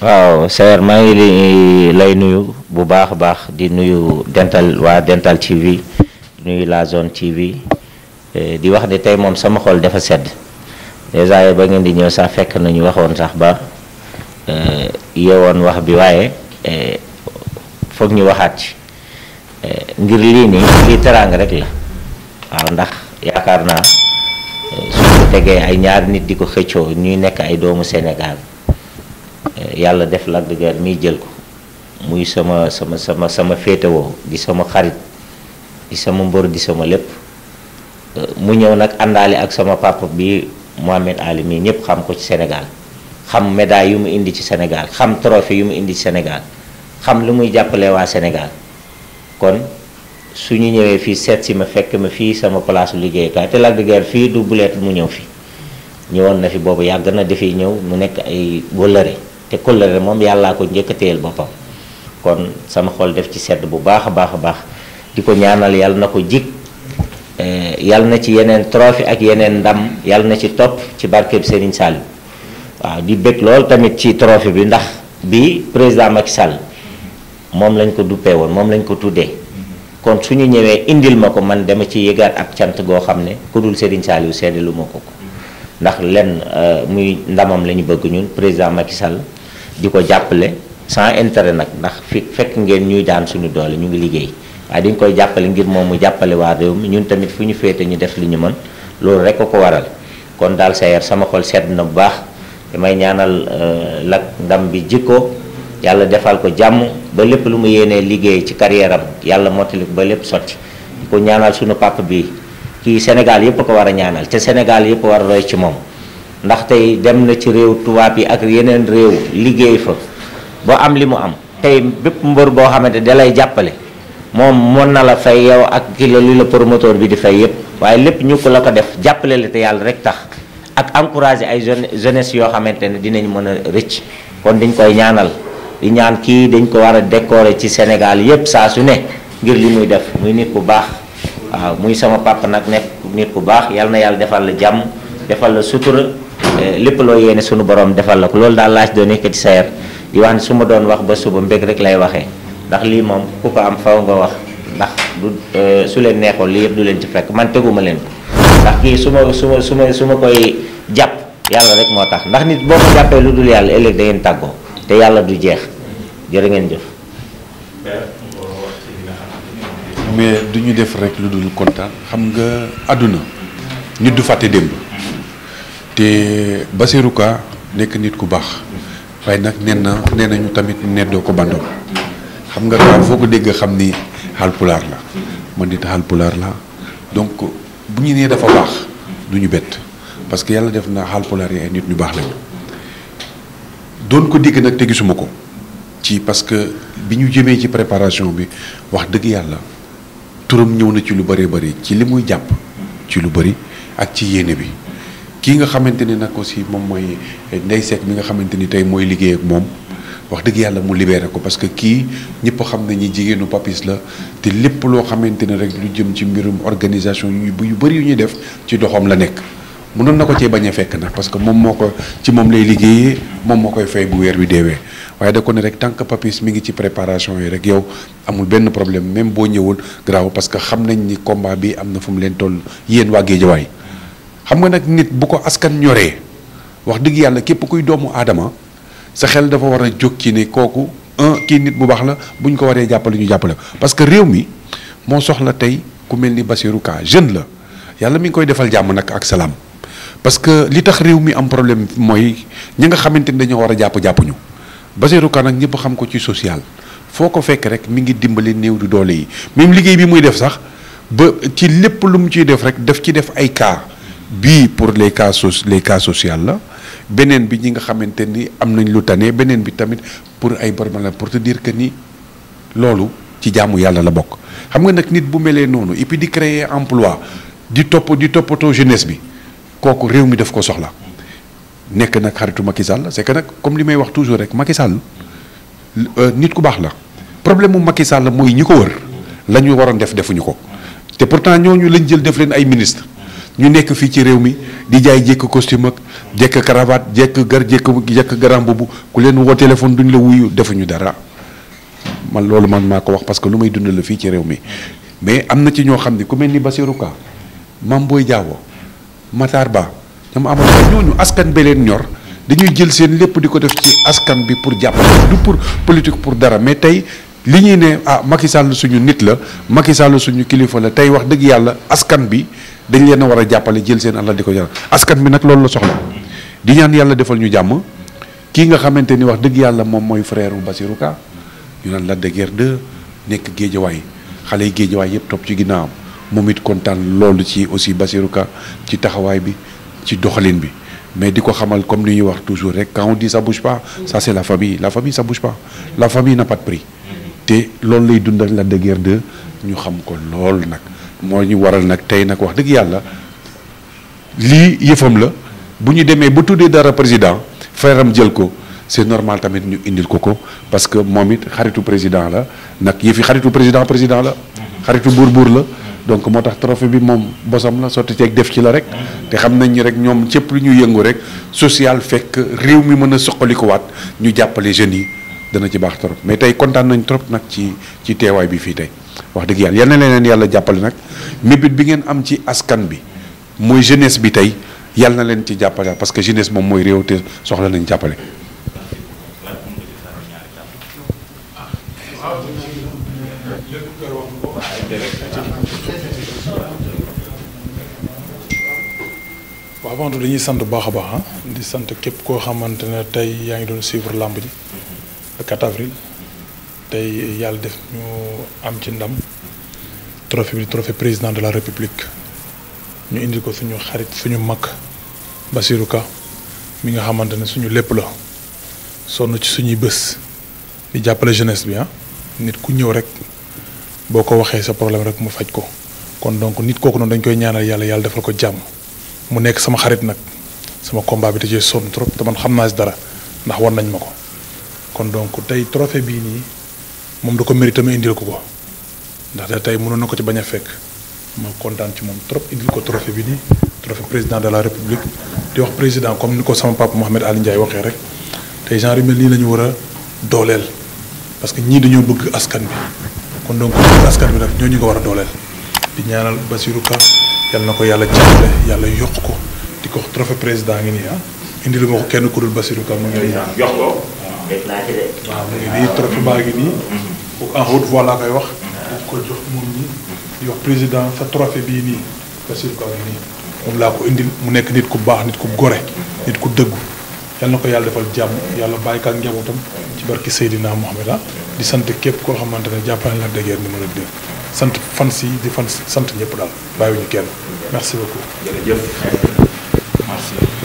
waaw Saer maa ngi lay nuyu bu baax a baax di nuyu dental waa dental TV nuyu la zone TV eh, di wax ne tey moom sama xol dafa sedd dèjà ba ngeen di ñëw sax fekk nañu waxoon sax ba eh, yeewoon wax bi waaye eh, foog ñu waxaat ci. Eh, ngir lii nii lii teraanga rek la waaw ndax yaakaar naa eh, su tegee ay ñaari nit di ko xëccoo ñuy nekk ay doomu Sénégal eh, yàlla def Lac de jël ko muy sama sama sama sama féetewoo di sama xarit di sama mbër di sama lépp mu ñëw nag àndaale ak sama papa bi mu Mohamed Ali mii ñëpp xam ko ci Sénégal xam médaille yu mu indi ci Sénégal xam trophée yu mu indi ci Sénégal xam lu muy jàppale waa Sénégal kon su ñu ñëwee fii seet si ma fekk ma fii sama place liggéeyukaay te Lac de fii du buleet mu ñëw fii ñëwoon na fi boobu yàgg na dafay ñëw mu nekk ay wëllëre te kóllëre moom yàllaa ko njëkk njëkkateel boppam kon sama xol def ci sedd bu baax a baax a baax di ko ñaanal yàlla na ko jig eh, yàlla na ci yeneen trophée ak yeneen ndam yàlla na ci topp ci barkeb Serigne Saliou waaw di bëgg lool tamit ci trophée bi ndax bi président Macky Sall moom lañ ko duppee woon moom lañ ko tuddee kon su ñu ñëwee indil ma ko man dama ci yëgaat ak cant goo xam ne ku dul Serigne Saliou seede lu ma ko ko ndax lenn euh, muy ndamam la ñu bëgg ñun président Macky Sall di ko jàppale sans intérêt nag ndax fi fekk ngeen ñuy daan suñu doole ñu ngi liggéey waaye dañ koy jàppale ngir moom mu jàppale waa réew mi ñun tamit fu ñu féete ñu def lu ñu mën loolu rek ko ko waral kon daal Sayer sama xol sedd na bu baax damay ñaanal euh, lak ndam bi jikko yàlla defal ko jàmm ba lépp lu mu yéenee liggéey ci carrière am yàlla mottali ko ba lépp sotti di ko ñaanal sunu papa bi kii Sénégal yëpp ko war a ñaanal te Sénégal yëpp war a roy ci moom ndax tey dem na ci réew tubaab yi ak yeneen réew liggéey fa boo am li mu am tey bépp mbër boo xamante da lay jàppale moom mën na la fay yow ak ki la li la promoteur bi di fay yëpp waaye lépp ñu ko la ko def jàppale la te yàlla rek tax ak encouragé ay jeunesse yoo xamante ne dinañ mën a rëcc di ñaan kii dañ ko war a dekoore ci Sénégal yépp saa su ne ngir li muy def muy nit ku baax waaw muy sama papa nag nekk nit ku baax yal na yàlla defal la jàmm defal la sutura eh, lépp loo yéene sunu borom defal la ko loolu daal laaj doon yëkkati sa yar di wax ne su ma doon wax ba suba mbég rek lay waxee ndax lii moom ku ko am faw nga wax ndax du eh, su leen neexoon lii yëpp du leen ci fekk man teguma leen ko ndax kii su ma su ma su ma su ma koy jàpp yàlla rek moo tax ndax nit boo ko lu dul yàlla ëllëg da tàggoo te yàlla du jeex jërë ngeen jëf mais duñu def rek lu dul kontaan xam nga aduna nit du fàtte démb te baseruka nekk nit ku baax waaye nag nee na nee nañu tamit neddoo ko bandoo xam nga kaa foo ko dégg xam ni xalpulaar la man it xalpulaar la donc bu ñu nee dafa baax duñu bett parce que yàlla def na xalpulaar yi ay nit ñu baax lañu doon ko dégg nak te gisuma ko ci parce que biñu ñu ci préparation bi wax dëgg yalla turam ñëw na ci lu bari bari ci limuy japp ci lu bari ak ci yéene bi ki nga xamanteni nak aussi mom moy Ndeye Seck mi nga xamanteni tay moy mooy liggéey ak mom wax dëgg yalla mu libéré ko parce que ki ñepp xam nañu jigéenu papis la té lépp lo xamanteni rek lu jëm ci mbirum organisation yu bari yu ñuy def ci doxom la nekk munoon na ko cee bañ a fekk nag parce que moom moo ko ci moom lay liggéeyee moom moo koy fay bu weer bi deewee waaye da ko ne rek tant que Papis mi ngi ci préparation yi rek yow amul benn problème même boo ñëwul garaaw parce que xam nañ ni combat bi am na fu mu leen toll yéen waa Géejawaay xam nga nag nit bu ko askan ñoree wax dëgg yàlla képp kuy doomu aadama sa xel dafa war a jóg ci ne kooku kii nit bu baax la bu ñu ko waree jàppale ñu jàppale parce que réew mi moo soxla tey ku mel ni Bassirou Ka jeune la yàlla mi ngi koy defal jàmm ak salaam. parce que li tax réew mi am problème mooy ñi nga xamante ni dañoo war a jàpp jàppuñu basiru kan ak ñëpp xam ko ci social foo ko fekk rek mi ngi dimbali néew di doole yi même liggéey bi muy def sax ba ci lépp lu mu ciy def rek daf ci def ay cas bii pour les cas so les cas social la beneen bi ñi nga xamante ni am nañ lu tane beneen bi tamit pour ay barmala pour te dire que ni loolu ci jaamu yàlla la bokk xam nga nag nit bu melee noonu et puis di créer emploi di topp di toppatoo jeunesse bi kooku réew mi daf ko soxla nekk nag xaritu Macky Sall c'est que nag comme li may wax toujours rek Macky euh, nit ku baax la problème mu Macky Sall mooy ñi ko wër la ñu waroon def defuñu ko te pourtant ñooñu lañ jël def leen ay ministre ñu nekk fii ci réew mi di jaay jekk costume ak jekk cravate jekk gar jekk jekk garam boobu ku leen woo téléphone duñ la wuyu defuñu dara man loolu man maa ko wax parce que lu may dund la fii ci réew mi mais am na ci ñoo xam ne ku mel ni Bassirou Ka Mame Matar Ba ñoom Amadou askan ba leen ñor dañuy jël seen lépp di ko def ci askan bi pour jàppale du pour politique pour dara mais tey li ñuy ne ah Macky Sall suñu nit la Macky Sall suñu kilifa la tey wax dëgg yàlla askan bi dañ leen a war a jàppale jël seen alal di ko jaral askan bi nag loolu la soxla di ñaan yàlla defal ñu jàmm kii nga xamante ni wax dëgg yàlla moom mooy frère Bassirou Ka ñu naan Lac de Guiers 2 nekk géejawaay xale yi géejawaay yëpp topp ci ginnaawam. momit it lolou ci aussi basiruka ci taxaway bi ci doxalin bi mais diko xamal comme ni wax toujours rek quand on dit ça bouge pas ça c'est la famille la famille ça bouge pas la famille n'a pas de prix té lolou lay dundal la de guerre de ñu xam ko lol nak moo ñu waral nak tay nak wax deug yalla li yefam la bu ñu démé ba tuddee dara président féram jël ko c'est normal tamit ñu indil ko ko parce que momit it xaritu président la nak yefi xaritu président président la xaritu bourbour la donc moo tax trophée bi moom bosam la sotti ceeg def ci la rek te xam nañ ñi rek ñoom cépp lu ñu yëngu rek social fekk réew mi mën a soqalikuwaat ñu jàppale jeunes yi dana ci baax mais tey kontaan nañ trop nag ci ci teewaay bi fii tey wax dëgg yàlla yal na leen yàlla jàppale nag mébét bi ngeen am ci askan bi mooy jeunesse bi tey yal na leen ci jàppale parce que jeunesse moom mooy réew te soxla nañ jàppale waaw avant tout dañuy sant bu baax ah. di sant képp koo xamante ne tey yaa ngi doon suivre làmb ji le avril tey yàlla def ñu am ci ndam trophée bi président de la république ñu indi ko suñu xarit suñu mag basiru Ka mi nga xamante ne suñu lépp la sonn ci suñuy bés di jàppale jeunesse bi ah. nit ku ñëw rek boo ko waxee sa problème rek mu faj ko kon donc nit kooku noonu dañ koy ñaanal yàlla yàlla defal ko jàmm mu nekk sama xarit nag sama combat bi da cee sonn trop te man xam naa dara ndax war nañ ma ko kon donc tey trophée bii nii moom du ko mérite ma indil ko ko ndax da tey mënoon na ko ci bañ a fekk ma kontaan ci moom trop indil ko trophée bi nii trophée président de la république di wax président comme ni ko sama papa mohamed ali ndiaye waxee rek tey genre yu mel nii la ñu war a dooleel parce que ñii dañoo bëgg askan bi kon donc askan bi nag ñooñu nga war a dooleel di ñaanal Basirou Ka yàlla na ko yàlla jàppale yàlla yokk ko di ko trophée président ngi nii ah indi lu ma ko kenn ku dul Ka mu ngi lay ñaan yokk nii trophée baa ngi nii mm-hmm. en haute voix laa koy wax di mm-hmm. ko jox moom ñi di wax président sa trophée bii nii Basirou ngi nii moom laa ko indi mu nekk nit ku baax nit ku gore nit ku dëggu yal na ko yàlla defal jàmm yàlla bàyyi ko ak njabootam ci barki Seydina Mohamed ah. di sant képp koo xamante ne jàppale Lac de Guiers numéro 2 sant fan si di fan sant ñëpp daal bàyyiwuñu kenn merci beaucoup. jërëjëf merci.